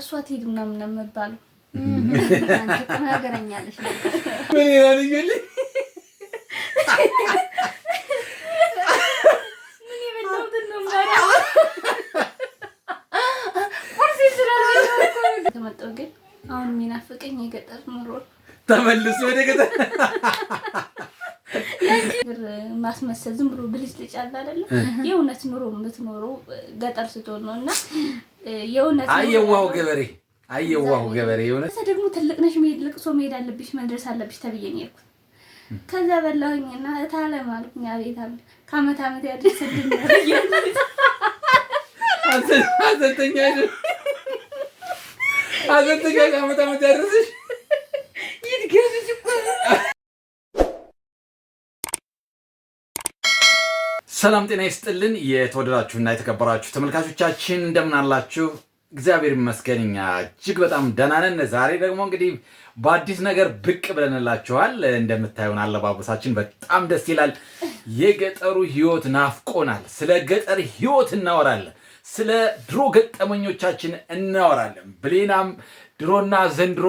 እሷ ትሄድ ምናምን የምባለው ነው ግን አሁን የሚናፍቀኝ የገጠር ኑሮ ተመልሶ ወደ ገጠር ማስመሰል ዝም ብሎ ልጭ አለ አይደለም። የእውነት ኑሮ የምትኖረው ገጠር ስትሆን ነው እና አየዋው ገበሬ አየዋው ገበሬ የሆነ ደግሞ ትልቅ ነሽ መሄድ ልቅሶ መሄድ አለብሽ መድረስ አለብሽ ተብዬ ነው የሄድኩት። ከዛ በላሁኝና እታለም አልኩኝ። አቤት አለ ከአመት አመት ያደሰልኝ አዘንተኛ አዘንተኛ ከአመት አመት ያደረስሽ ሰላም ጤና ይስጥልን። የተወደዳችሁና የተከበራችሁ ተመልካቾቻችን እንደምን አላችሁ? እግዚአብሔር ይመስገን እኛ እጅግ በጣም ደህና ነን። ዛሬ ደግሞ እንግዲህ በአዲስ ነገር ብቅ ብለንላችኋል። እንደምታዩን አለባበሳችን በጣም ደስ ይላል። የገጠሩ ህይወት ናፍቆናል። ስለ ገጠር ህይወት እናወራለን። ስለ ድሮ ገጠመኞቻችን እናወራለን። ብሌናም ድሮና ዘንድሮ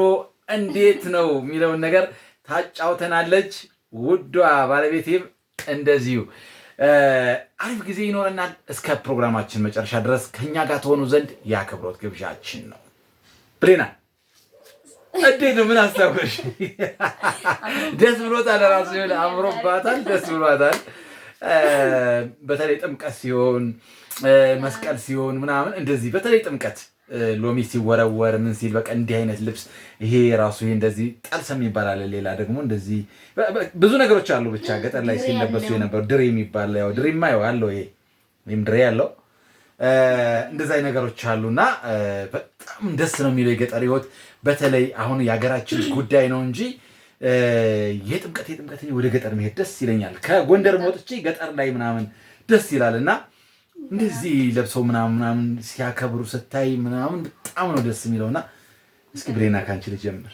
እንዴት ነው የሚለውን ነገር ታጫውተናለች። ውዷ ባለቤቴም እንደዚሁ አሪፍ ጊዜ ይኖረናል። እስከ ፕሮግራማችን መጨረሻ ድረስ ከእኛ ጋር ተሆኑ ዘንድ የአክብሮት ግብዣችን ነው። ብሌና እንዴት ነው? ምን አስታወሽ? ደስ ብሎታል። ራሱ ሆነ አምሮባታል። ደስ ብሏታል። በተለይ ጥምቀት ሲሆን መስቀል ሲሆን ምናምን እንደዚህ በተለይ ጥምቀት ሎሚ ሲወረወር ምን ሲል በቃ እንዲህ አይነት ልብስ ይሄ ራሱ ይሄ እንደዚህ ጠልሰም ይባላል። ሌላ ደግሞ እንደዚህ ብዙ ነገሮች አሉ። ብቻ ገጠር ላይ ሲለበሱ የነበሩ ድሬ የሚባል ያው ድሬማ ያው አለው ይሄ ወይም ድሬ ያለው እንደዛ ነገሮች አሉና በጣም ደስ ነው የሚለው የገጠር ህይወት በተለይ አሁን የሀገራችን ጉዳይ ነው እንጂ የጥምቀት የጥምቀት ወደ ገጠር መሄድ ደስ ይለኛል። ከጎንደር መውጥቼ ገጠር ላይ ምናምን ደስ ይላል እና እንደዚህ ለብሰው ምናምን ምናምን ሲያከብሩ ስታይ ምናምን በጣም ነው ደስ የሚለውና እስኪ ብሬና ካንቺ ልጀምር።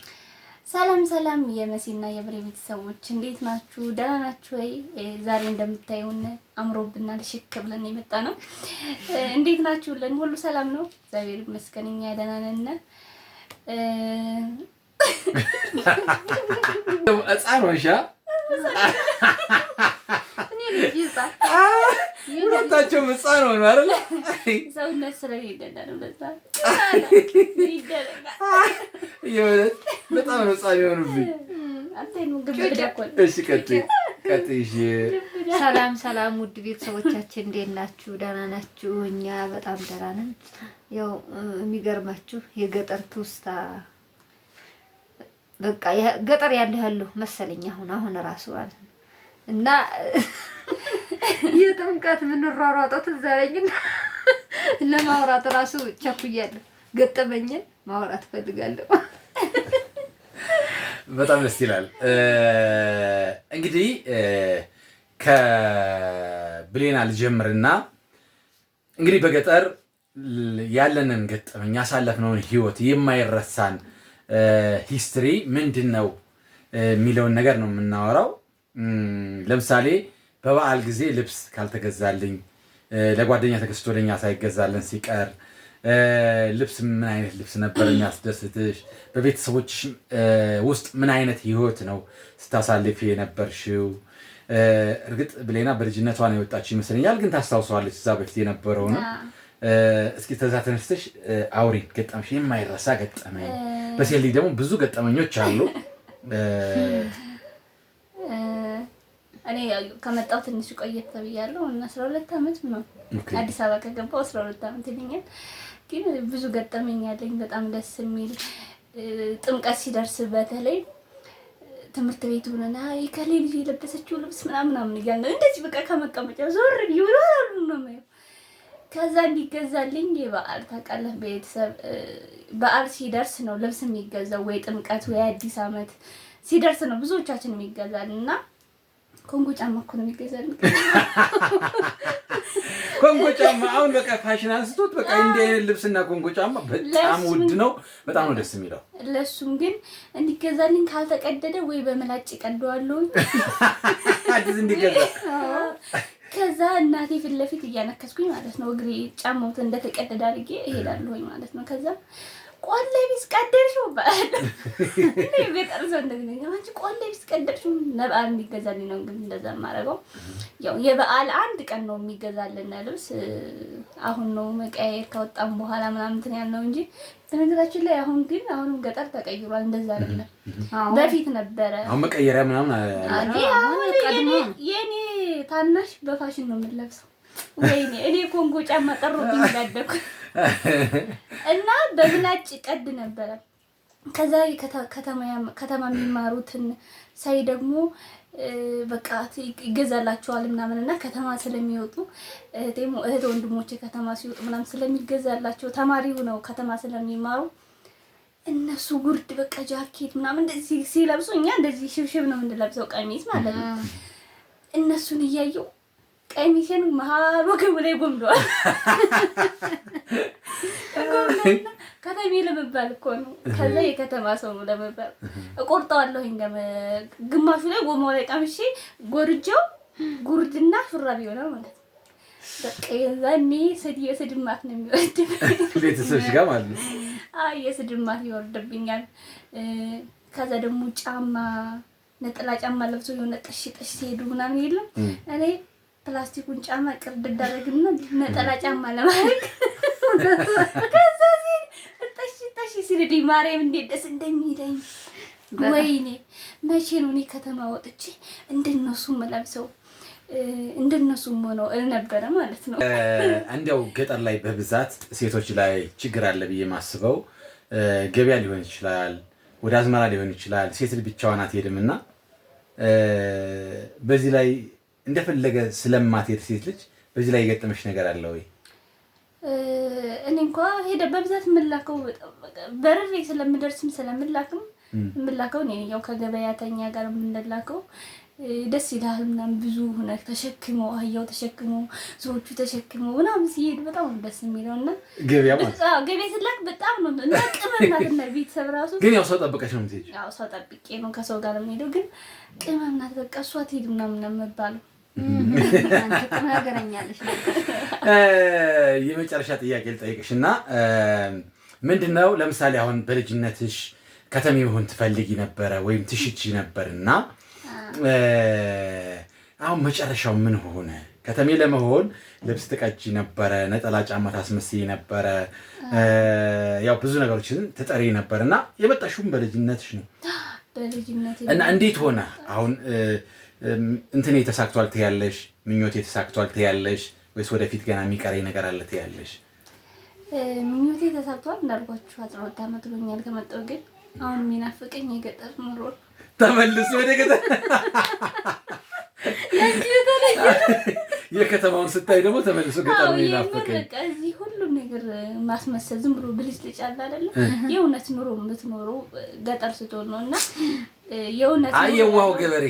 ሰላም ሰላም፣ የመሲና የብሬ ቤተሰቦች እንዴት ናችሁ? ደህና ናችሁ ወይ? ዛሬ እንደምታዩን አምሮብናል። ሽክ ብለን የመጣ ነው። እንዴት ናችሁልን? ሁሉ ሰላም ነው? እግዚአብሔር ይመስገን እኛ ደህና ነን። ሁለታቸው ህፃን ሆኖ አይደለ? ሰውነት ስለሌለ ነው። የእውነት በጣም ነው ህፃን የሆኑብኝ። እሺ ሰላም ሰላም፣ ውድ ቤተሰቦቻችን እንዴት ናችሁ? ደህና ናችሁ? እኛ በጣም ደህና ነን። ያው የሚገርማችሁ የገጠር ትውስታ በቃ ገጠር ያለ ያለው መሰለኝ አሁን አሁን እራሱ እና የጥምቀት የምንሯሯጠው ትዝ አለኝና ለማውራት ራሱ ቸኩያለሁ። ገጠመኝን ማውራት እፈልጋለሁ። በጣም ደስ ይላል። እንግዲህ ከብሌና ልጀምርና እንግዲህ በገጠር ያለንን ገጠመኝ ያሳለፍነውን ህይወት የማይረሳን ሂስትሪ ምንድን ነው የሚለውን ነገር ነው የምናወራው። ለምሳሌ በበዓል ጊዜ ልብስ ካልተገዛልኝ ለጓደኛ ተገዝቶ ለኛ ሳይገዛልን ሲቀር ልብስ ምን አይነት ልብስ ነበር የሚያስደስትሽ? በቤተሰቦች ውስጥ ምን አይነት ህይወት ነው ስታሳልፊ የነበርሽው? እርግጥ ብሌና በልጅነቷ ነው የወጣችው ይመስለኛል፣ ግን ታስታውሰዋለች እዛ በፊት የነበረው ነው። እስኪ ተዛ ተነስተሽ አውሪ ገጠመሽ፣ የማይረሳ ገጠመኝ። በሴሊ ደግሞ ብዙ ገጠመኞች አሉ። እኔ ከመጣው ትንሽ ቆየት ተብያለሁ እና አስራ ሁለት ዓመት ነው አዲስ አበባ ከገባው አስራ ሁለት ዓመት ይለኛል። ግን ብዙ ገጠመኝ ያለኝ በጣም ደስ የሚል ጥምቀት ሲደርስ በተለይ ትምህርት ቤት ሆነና ከሌ ልጅ የለበሰችው ልብስ ምናምን ምናምን እያልን እንደዚህ በቃ ከመቀመጫ ዞር ይውላሉ ነው ማለት ከዛ እንዲገዛልኝ የበዓል ታውቃለህ፣ ቤተሰብ በዓል ሲደርስ ነው ልብስ የሚገዛው ወይ ጥምቀት ወይ አዲስ ዓመት ሲደርስ ነው ብዙዎቻችን የሚገዛል እና ኮንጎ ጫማ እኮ ነው የሚገዛል። ኮንጎ ጫማ አሁን በቃ ፋሽን አንስቶት በቃ እንዲህ አይነት ልብስና ኮንጎ ጫማ በጣም ውድ ነው። በጣም ነው ደስ የሚለው። ለሱም ግን እንዲገዛልኝ ካልተቀደደ ወይ በምላጭ ቀደዋለሁ አዲስ እንዲገዛ ከዛ እናቴ ፊት ለፊት እያነከስኩኝ ማለት ነው እግሬ ጫማውት እንደተቀደደ አድርጌ እሄዳለሁኝ ማለት ነው ከዛ ቆሌ ቢስ በል እኔ ገጠር ሰው አንቺ ለበዓል የሚገዛልኝ ነው። እንደዛ ያው የበዓል አንድ ቀን ነው የሚገዛልን ልብስ አሁን ነው መቀያየር ከወጣም በኋላ ምናምን እንትን ያልነው እንጂ በነገራችን ላይ አሁን ግን አሁንም ገጠር ተቀይሯል። እንደዛ አይደለም በፊት ነበረ። አሁን መቀየሪያ ምናምን የኔ ታናሽ በፋሽን ነው ወይኔ እኔ ኮንጎ ጫማ ቀሮብኝ ላደኩ እና በምላጭ ቀድ ነበረ። ከዛ ከተማ የሚማሩትን ሳይ ደግሞ በቃ ይገዛላቸዋል ምናምን እና ከተማ ስለሚወጡ ደግሞ እህት ወንድሞቼ ከተማ ሲወጡ ምናምን ስለሚገዛላቸው ተማሪ ሆነው ከተማ ስለሚማሩ እነሱ ጉርድ በቃ ጃኬት ምናምን እንደዚህ ሲለብሱ እኛ እንደዚህ ሽብሽብ ነው የምንለብሰው ቀሚስ ማለት ነው። እነሱን እያየው ቀሚሴን መሀል ወገብ ላይ ጎምደዋል። ከተሜ ለመባል እኮ ነው። ከዛ የከተማ ሰው ነው ለመባል እቆርጠዋለሁኝ። ግማሹ ላይ ጎማው ላይ ቀምሼ ጎርጃው ጉርድና ሹራብ ይሆናል ማለት ነው። በቃ የዛኔ ስድ የስድብ ነው የሚወርድብኝ፣ ቤተሰቦች ጋር ማለት ነው። አይ ይወርድብኛል። ከዛ ደግሞ ጫማ ነጠላ ጫማ ለብሶ የሆነ ጠሽ ጠሽ ሲሄዱ ምናምን የለም እኔ ፕላስቲኩን ጫማ ቅርድ እንዳደረግና ነጠላ ጫማ ለማድረግ ከዛ ሲል ጠሺ ጠሺ ሲልድ ማርያም እንዴት ደስ እንደሚለኝ ወይኔ መቼ ነው እኔ ከተማ ወጥቼ እንደነሱ መለብሰው እንደነሱም ሆነው ነበረ ማለት ነው። እንዲያው ገጠር ላይ በብዛት ሴቶች ላይ ችግር አለ ብዬ ማስበው ገበያ ሊሆን ይችላል፣ ወደ አዝመራ ሊሆን ይችላል። ሴት ብቻዋን አትሄድም እና በዚህ ላይ እንደፈለገ ስለማትሄድ ሴት ልጅ በዚህ ላይ የገጠመች ነገር አለ ወይ? እኔ እንኳ ሄደ በብዛት የምላከው በርሬ ስለምደርስም ስለምላክም የምላከው እኔ ያው ከገበያተኛ ጋር የምንላከው ደስ ይላል ምናምን ብዙ ሆነ ተሸክሞ አህያው ተሸክሞ ሰዎቹ ተሸክሞ ምናምን ሲሄድ በጣም ደስ የሚለው እና ገበያ ስላክ በጣም ነው እና እና ቤተሰብ ራሱ ግን ያው ሰው ጠብቀሽ ነው ሰው ጠብቄ ነው ከሰው ጋር የምሄደው ግን ቅመምናት በቃ እሷ ትሄድ ምናምን ነው የምባለው የመጨረሻ ጥያቄ ልጠይቅሽ እና ምንድን ነው ለምሳሌ አሁን በልጅነትሽ ከተሜ መሆን ትፈልጊ ነበረ ወይም ትሽቺ ነበር እና አሁን መጨረሻው ምን ሆነ? ከተሜ ለመሆን ልብስ ትቀጂ ነበረ፣ ነጠላ ጫማ ታስመስይ ነበረ፣ ያው ብዙ ነገሮችን ትጠሪ ነበር እና የመጣሽውም በልጅነትሽ ነው እና እንዴት ሆነ አሁን እንትን የተሳክቷል ትያለሽ፣ ምኞቴ የተሳክቷል ትያለሽ ወይስ ወደፊት ገና የሚቀረኝ ነገር አለ ትያለሽ? ምኞቴ ተሳክቷል እንዳልኳችሁ አስራ ሁለት ዓመት ሆኖኛል ከመጣሁ። ግን አሁን የሚናፍቀኝ የገጠር ኑሮ ተመልሶ ወደ ገጠር የከተማውን ስታይ ደግሞ ተመልሶ ገጠር ነው እዚህ ሁሉ ነገር ማስመሰል ዝም ብሎ ብልጭ ልጭ አለ አይደለ? የእውነት ኑሮ የምትኖረው ገጠር ስትሆን ነው እና የእውነት አየዋው ገበሬ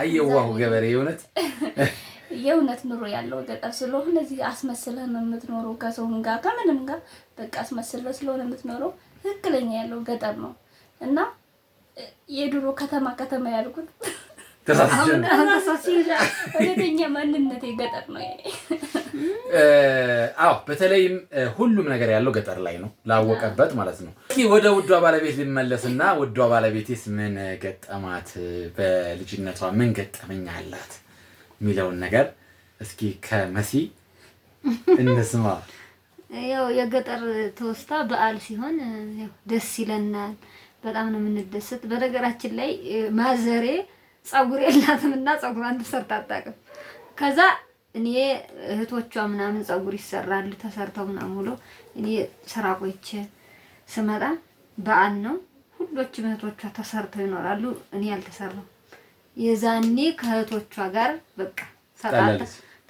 አየዋሁ ገበሬ የእውነት የእውነት ኑሮ ያለው ገጠር ስለሆነ እዚህ አስመስለህ ነው የምትኖረው፣ ከሰውም ጋር ከምንም ጋር በቃ አስመስለህ ስለሆነ የምትኖረው ትክክለኛ ያለው ገጠር ነው እና የድሮ ከተማ ከተማ ያልኩት እውነተኛ ማንነት ገጠር ነው። አዎ በተለይም ሁሉም ነገር ያለው ገጠር ላይ ነው። ላወቀበት ማለት ነው። ወደ ውዷ ባለቤት ልመለስና ውዷ ባለቤቴስ ምን ገጠማት፣ በልጅነቷ ምን ገጠመኝ አላት የሚለውን ነገር እስኪ ከመሲ እንስማ። ያው የገጠር ተወስታ በዓል ሲሆን ደስ ይለናል። በጣም ነው የምንደሰት። በነገራችን ላይ ማዘሬ ፀጉር የላትም እና ፀጉሯን ተሰርታ አታውቅም። ከዛ እኔ እህቶቿ ምናምን ጸጉር ይሰራሉ ተሰርተው ምናምን ብሎ እኔ ስራ ቆይቼ ስመጣ በዓል ነው። ሁሎችም እህቶቿ ተሰርተው ይኖራሉ። እኔ አልተሰራም። የዛኔ ከእህቶቿ ጋር በቃ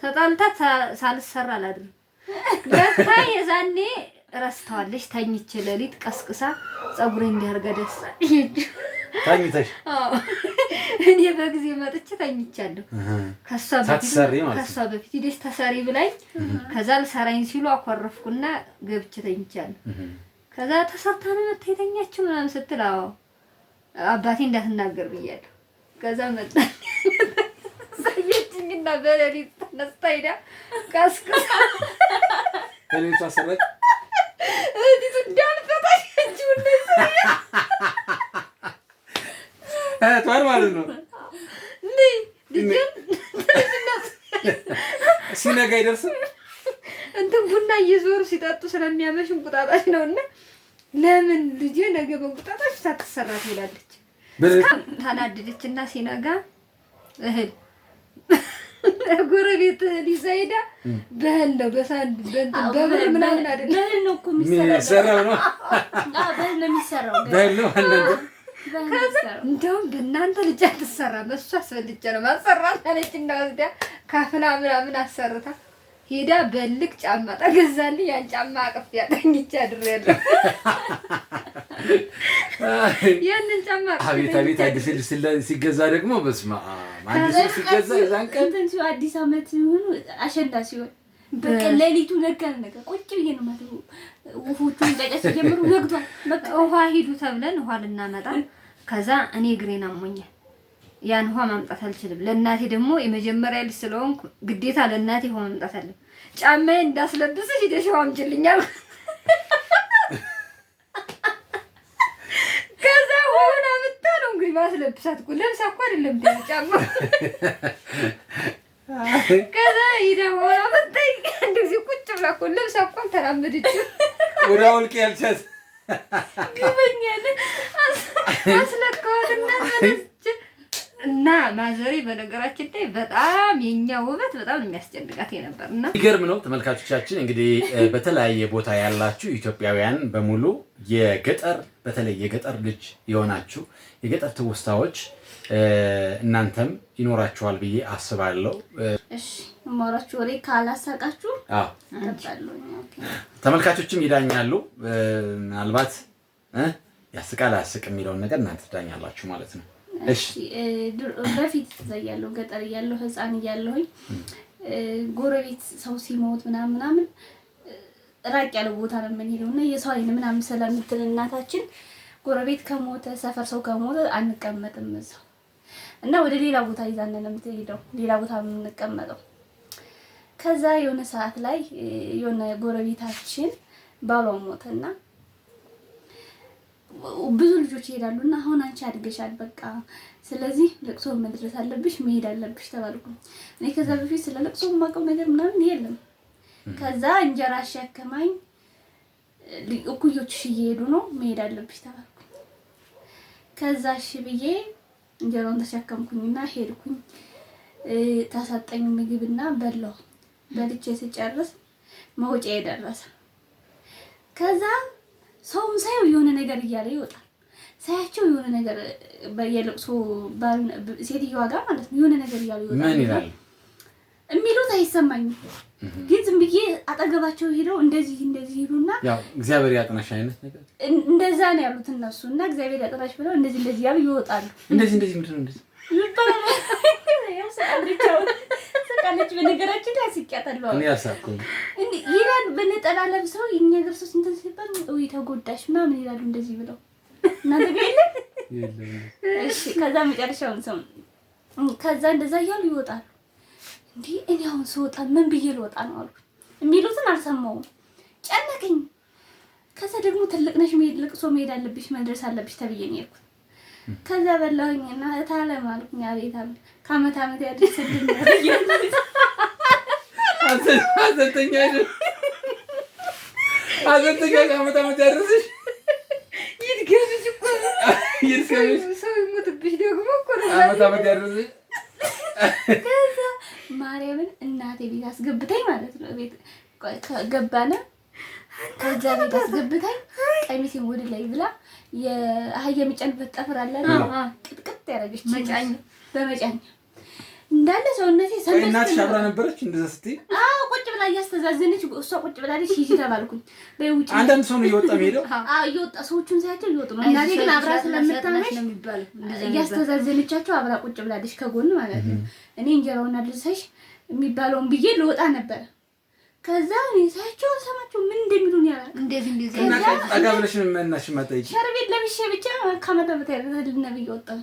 ተጣልታ ሳልሰራ አላድርም። ለካ የዛኔ ረስተዋለች። ተኝቼ ለሊት ቀስቅሳ ጸጉሬ እንዲያርገ ደስ ተኝተሽ እኔ በጊዜ መጥቼ ተኝቻለሁ። ከሷ በፊት ደስ ተሰሪ ብላኝ ከዛ ልሰራኝ ሲሉ አኮረፍኩና ገብቼ ተኝቻለሁ። ከዛ ተሰርታ ነው መታ የተኛችው ምናምን ስትል አዎ አባቴ እንዳትናገር ብያለሁ። ከዛ መጣ ሳየችኝና በሌሊት ተነስታ ሄዳ ቀስቅሳ ሌሊቷ ሰረቅ እህቷን ማለት ነው። ሲነጋ አይደርስም እንትን ቡና እየዞሩ ሲጠጡ ስለሚያመሽ እንቁጣጣሽ ነው እና ለምን ልጄ ነገ በእንቁጣጣሽ ሳትሰራ ትሄዳለች። ታናድደች እና ሲነጋ እህል ጎረቤት እህል ይዛ ሄዳ በህል ነው በሳንድ በብር ምናምን አይደለም። በህል ነው እኮ የሚሰራው። በህል ነው የሚሰራው። በህል ነው እንደውም በእናንተ ልጅ አትሰራም፣ እሱ አስፈልጀ ነው ማሰራት አለች። እንዳወስዳ ካፍላ ምናምን አሰርታ ሄዳ በልክ ጫማ ጠገዛልኝ። ያን ጫማ አቅፍ ያጠኝቻ ድር ያንን ጫማ አቤት አቤት፣ አዲስ ልብስ ሲገዛ ደግሞ በስማ አዲስ ልብስ ሲገዛ የዛን ቀን እንትን ሲሆን አዲስ ዓመት ሆኑ አሸንዳ ሲሆን በቃ ሌሊቱ ነጋን ነገር ቁጭ ብዬ ነው ማለት ወፎቹን ጨጨስ ጀምሩ ነግቷል። በቃ ውሃ ሂዱ ተብለን ውሃ ልናመጣ ከዛ እኔ እግሬን አሞኛል። ያን ውሃ ማምጣት አልችልም። ለእናቴ ደግሞ የመጀመሪያ ልጅ ስለሆንኩ ግዴታ ለእናቴ ውሃ ማምጣት አለ። ጫማዬ እንዳስለብስ ሂደሽ ውሃ አምጪልኛል። ከዛ ውሃውን አምጥታ ነው እንግዲህ ማስለብሳት። እኮ ለብሳ እኮ አይደለም ጫማ። ከዛ ሂደ ውሃውን አመጣ እንደዚህ ቁጭ ብላ እኮ ለብሳ እኮ ተራመደች። ወደ አውልቅ ያልቻት ግበኛለ አስለካዋልና እና ማዘሬ በነገራችን ላይ በጣም የኛ ውበት በጣም የሚያስጨንቃት ነበር እና ይገርም ነው። ተመልካቾቻችን እንግዲህ በተለያየ ቦታ ያላችሁ ኢትዮጵያውያን በሙሉ የገጠር በተለይ የገጠር ልጅ የሆናችሁ የገጠር ትውስታዎች እናንተም ይኖራችኋል ብዬ አስባለሁ። ሞራችሁ ወሬ ካላሳቃችሁ ተመልካቾችም ይዳኛሉ ምናልባት ያስቃል አያስቅ የሚለውን ነገር እናንተ ትዳኛላችሁ ማለት ነው። በፊት እያለሁ ገጠር እያለሁ ህፃን እያለሁኝ ጎረቤት ሰው ሲሞት ምናምን ምናምን ራቅ ያለው ቦታ ነው የምንሄደው እና የሰው አይን ምናምን ስለምትል እናታችን ጎረቤት ከሞተ ሰፈር ሰው ከሞተ አንቀመጥም እዛው እና ወደ ሌላ ቦታ ይዛን ነው የምትሄደው፣ ሌላ ቦታ የምንቀመጠው። ከዛ የሆነ ሰዓት ላይ የሆነ ጎረቤታችን ባሏ ሞተና ብዙ ልጆች ይሄዳሉ እና አሁን አንቺ አድገሻል፣ በቃ ስለዚህ ለቅሶ መድረስ አለብሽ መሄድ አለብሽ ተባልኩ። እኔ ከዛ በፊት ስለ ለቅሶ የማውቀው ነገር ምናምን የለም። ከዛ እንጀራ አሸክማኝ እኩዮችሽ እየሄዱ ነው መሄድ አለብሽ ተባልኩ። ከዛ እሺ ብዬ እንጀራውን ተሸከምኩኝና ሄድኩኝ። ታሳጠኝ ምግብና በላሁ። በልቼ ስጨርስ መውጫ የደረሰ ከዛ ሰውም ሳየው የሆነ ነገር እያለ ይወጣል። ሳያቸው የሆነ ነገር የለቅሶ ሴትዮዋ ጋር ማለት ነው የሆነ ነገር እያሉ ይወጣል የሚሉት አይሰማኝም። ግን ዝም ብዬ አጠገባቸው ሄደው እንደዚህ እንደዚህ ይሉና እግዚአብሔር ያጥናሽ አይነት ነገር እንደዛ ነው ያሉት እነሱ እና እግዚአብሔር ያጥናሽ ብለው እንደዚህ እንደዚህ ያሉ ይወጣሉ። እንደዚህ እንደዚህ ምንድን ነው እንደዚህ ትስቃለች። በነገራችን ላይ አስቂያታለሁ። እኔ አሳቅኩኝ እንዴ ይላል በነጠላ ለብሰው የኛ ገብሰው እንትን ሲባል ወይ ተጎዳሽ ምናምን ይላሉ እንደዚህ ብለው እናንተ ጋር የለም እሺ። ከዛ መጨረሻውን ሰው ከዛ እንደዛ እያሉ ይወጣሉ። እንዴ እኔ አሁን ስወጣ ምን ብዬ ልወጣ ነው አሉ። የሚሉትን አልሰማውም፣ ጨነቀኝ። ከዛ ደግሞ ትልቅ ነሽ መሄድ ልቅሶ መሄድ አለብሽ መድረስ አለብሽ ተብዬ ነው የሄድኩት። ከዛ በላሁኝና እታለም አልኩኝ አቤት አለ ከአመት አመት ያደሰልኝ ከአመት አመት ያደርስሽ። ይድገምሽ እኮ ሰው ይሞትብሽ ደግሞ እኮ አመት ከዛ ማርያምን እናቴ ቤት አስገብታኝ ማለት ነው። ቤት ገባነ ከዛ ቤት አስገብታኝ ቀሚሴን ወደ ላይ ብላ የአህያ መጫን ጠፍር አለ ቅጥቅጥ ያደረገች መጫኝ በመጫኝ እንዳለ ሰውነቴ ሰናት እናትሽ ነበረች እንደዛ ስትይ፣ አዎ ቁጭ ብላ እያስተዛዘነች እሷ ቁጭ ብላለች። ሂጂ ተባልኩኝ። በይ አንዳንድ ሰው ነው እየወጣ ሄደው እየወጣ ሰዎቹን ሳያቸው እየወጡ ነው። እናቴ ግን አብራ ስለምታመሽ እያስተዛዘነቻቸው አብራ ቁጭ ብላለች ከጎን ማለት ነው። እኔ እንጀራውን አድርሰሽ የሚባለውን ብዬ ልወጣ ነበር። ከዛ ሳያቸው ሰማቸው ምን እንደሚሉን ነው ያላል። እንደዚህ እንደዚህ ከዛ አጋብለሽ ምን ሸርቤት ለብሼ ብቻ ከመጠበት በታይተልና ብዬ ወጣሁ።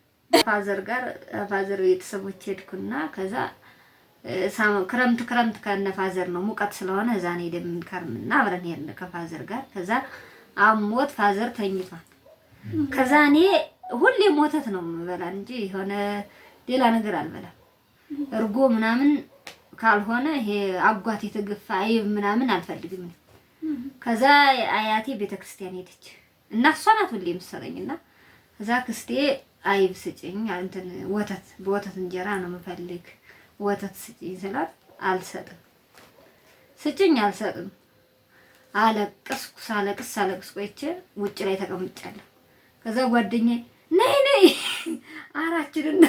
ፋዘር ጋር ፋዘር ቤተሰቦች ሄድኩና ከዛ ክረምት ክረምት ከነ ፋዘር ነው ሙቀት ስለሆነ እዛ ነው የምንከርምና አብረን ሄድን ከፋዘር ጋር። ከዛ አሞት ፋዘር ተኝቷል። ከዛ እኔ ሁሌ ሞተት ነው የምበላ እንጂ የሆነ ሌላ ነገር አልበላም። እርጎ ምናምን ካልሆነ ይሄ አጓት የተገፋ አይብ ምናምን አልፈልግም። ከዛ አያቴ ቤተክርስቲያን ሄደች እና እሷ ናት ሁሌ የምትሰጠኝና ከዛ ክስቴ አይብ ስጭኝ እንትን ወተት በወተት እንጀራ ነው የምፈልግ ወተት ስጭኝ ስላት አልሰጥም፣ ስጭኝ አልሰጥም። አለቅስኩ ሳለቅስ ሳለቅስ ቆይቼ ውጭ ላይ ተቀምጫለሁ። ከዛ ጓደኛዬ ነይ ነይ አራችንን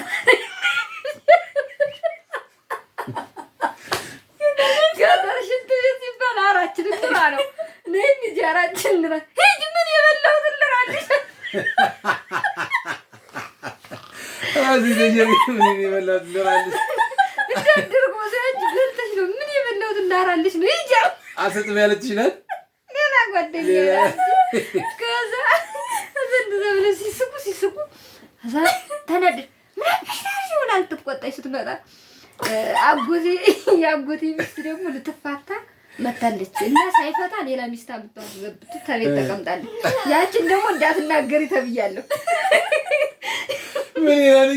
ሽንት ቤት ሲባል አራችንን ግባ ነው ነይ እንጂ አራችንን ሂጂ ምን የበላሁትን ልራልሽ አልሰጥም ያለችሽ ናት። ገና ጓደኛ ከዛ ዘንድዛ ብለ ሲስቁ ሲስቁ ከዛ ተነድር ምናሽ ሆን አልትቆጣኝ ስትመጣ አጎቴ የአጎቴ ሚስት ደግሞ ልትፋታ መታለች እና ሳይፈታ ሌላ ሚስት አምጥታ ተቤት ተቀምጣለች። ያችን ደግሞ እንዳትናገሪ ተብያለሁ። ምን ይላል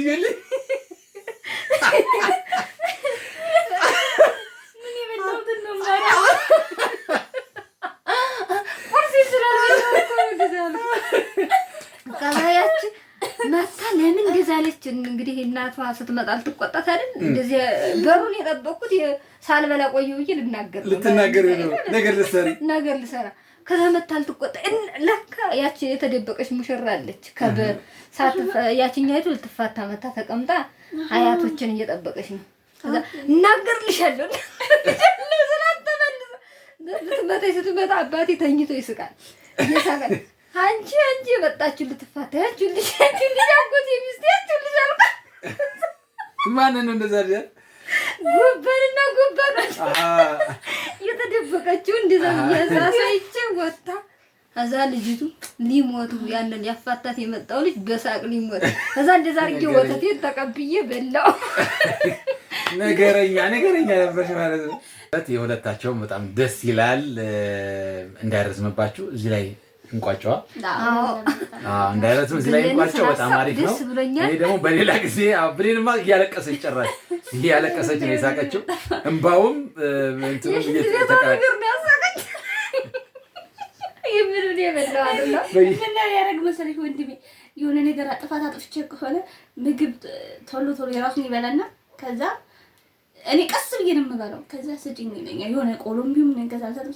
እንግዲህ ማታ ለምን ገዛለች? እንግዲህ እናቷ ስትመጣ ልትቆጣት አይደል? እንደዚህ በሩን የጠበቅኩት ሳልበላ ቆየሁ ብዬ ልናገር ልትናገር ነገር ልሰራ ነገር ልሰራ ከዛ መታል ትቆጣ ለካ ያቺ የተደበቀች ሙሽራ አለች። ከበሳት ያቺኛይቱ ልትፋታ መታ ተቀምጣ አያቶችን እየጠበቀች ነው። ከዛ እናገርልሻለሁ ልትመታ ስትመጣ አባቴ ተኝቶ ይስቃል አንቺ አንቺ የመጣችሁ ልትፋታ ያችሁ ልጅ ያችሁ ልጅ አጎቴ ሚስት ያችሁ ልጅ አልኳት። ማንን ነው እንደዛ ጉበንና ጉበን የተደበቀችው እንደዛ እያሳሳይቼ ወጣ። እዛ ልጅቱ ሊሞቱ ያንን ያፋታት የመጣው ልጅ በሳቅ ሊሞት እዛ እንደዛ አድርጌ ወተቴን ተቀብዬ በላው። ነገረኛ ነገረኛ ነበርሽ ማለት ነው። የሁለታቸውም በጣም ደስ ይላል። እንዳይረዝምባችሁ እዚህ ላይ እንቋጫዋ እንደ አይነቱም እዚህ ላይ እንቋጫው በጣም አሪፍ ነው። ይሄ ደግሞ በሌላ ጊዜ ብሬንማ እያለቀሰች ጨራሽ እያለቀሰች ነው የሳቀችው። እንባውም ያደረግ መሰለኝ ወንድሜ የሆነ ነገር ጥፋት አጥፍቼ ከሆነ ምግብ ቶሎ ቶሎ የራሱን ይበላና ከዛ እኔ ቀስ ብዬ ነው የምበላው። ከዛ ስጭኝ ይለኛል። የሆነ ቆሎምቢውም ነገዛዘር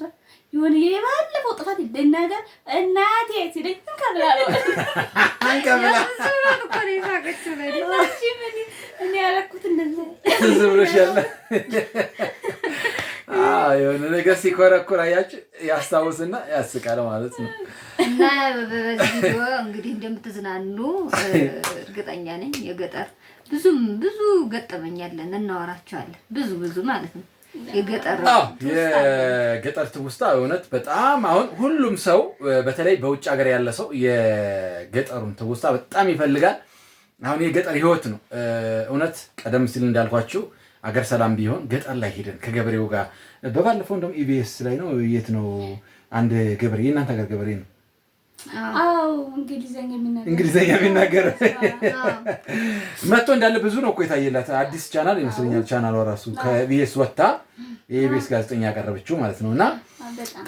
የሆነ የባለፈው ጥፋት ይደናገር እናቴ ሲለኝ እንከብላለሁ ያለኩት እንደዚያ ትዝ ብሎሻል። የሆነ ነገር ሲኮረኩር አያችሁ ያስታውስና ያስቃል ማለት ነው። እና በዚህ እንግዲህ እንደምትዝናኑ እርግጠኛ ነኝ የገጠር ብዙም ብዙ ገጠመኝ ያለን እናወራቸዋለን። ብዙ ብዙ ማለት ነው። የገጠር የገጠር ትውስታ እውነት በጣም አሁን ሁሉም ሰው በተለይ በውጭ ሀገር ያለ ሰው የገጠሩን ትውስታ በጣም ይፈልጋል። አሁን የገጠር ህይወት ነው እውነት ቀደም ሲል እንዳልኳችሁ አገር ሰላም ቢሆን ገጠር ላይ ሄደን ከገበሬው ጋር በባለፈው እንደውም ኢቢኤስ ላይ ነው የት ነው አንድ ገበሬ የእናንተ ሀገር ገበሬ ነው እንግሊዘኛ የሚናገር መጥቶ እንዳለ ብዙ ነው እኮ የታየላት። አዲስ ቻናል ይመስለኛል ቻናሏ ራሱ ከቢኤስ ወጥታ የኢቢኤስ ጋዜጠኛ ያቀረበችው ማለት ነው። እና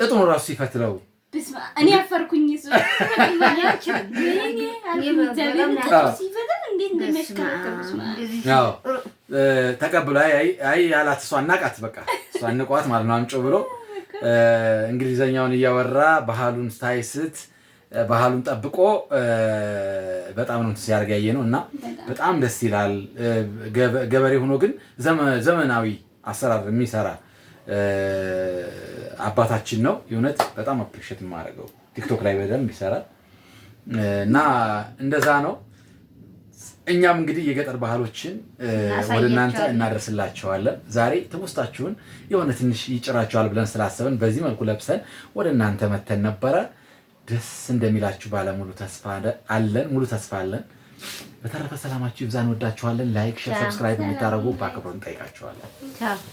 ጥጡን ራሱ ሲፈትለው እኔ አፈርኩኝ። ተቀብሎ አይ ያላት እሷ አናቃት፣ በቃ እሷ አንቋት ማለት ነው። አምጮ ብሎ እንግሊዘኛውን እያወራ ባህሉን ስታይስት ባህሉን ጠብቆ በጣም ነው ሲያደርግ ያየ ነው እና በጣም ደስ ይላል። ገበሬ ሆኖ ግን ዘመናዊ አሰራር የሚሰራ አባታችን ነው። የእውነት በጣም አፕሪሼት የማደርገው ቲክቶክ ላይ በደንብ ይሰራል እና እንደዛ ነው። እኛም እንግዲህ የገጠር ባህሎችን ወደ እናንተ እናደርስላቸዋለን። ዛሬ ትውስታችሁን የሆነ ትንሽ ይጭራቸዋል ብለን ስላሰብን በዚህ መልኩ ለብሰን ወደ እናንተ መተን ነበረ። ደስ እንደሚላችሁ ባለሙሉ ተስፋ አለን፣ ሙሉ ተስፋ አለን። በተረፈ ሰላማችሁ ይብዛ፣ እንወዳችኋለን። ላይክ፣ ሸር፣ ሰብስክራይብ እንድታደርጉ በአክብሮ እንጠይቃችኋለን።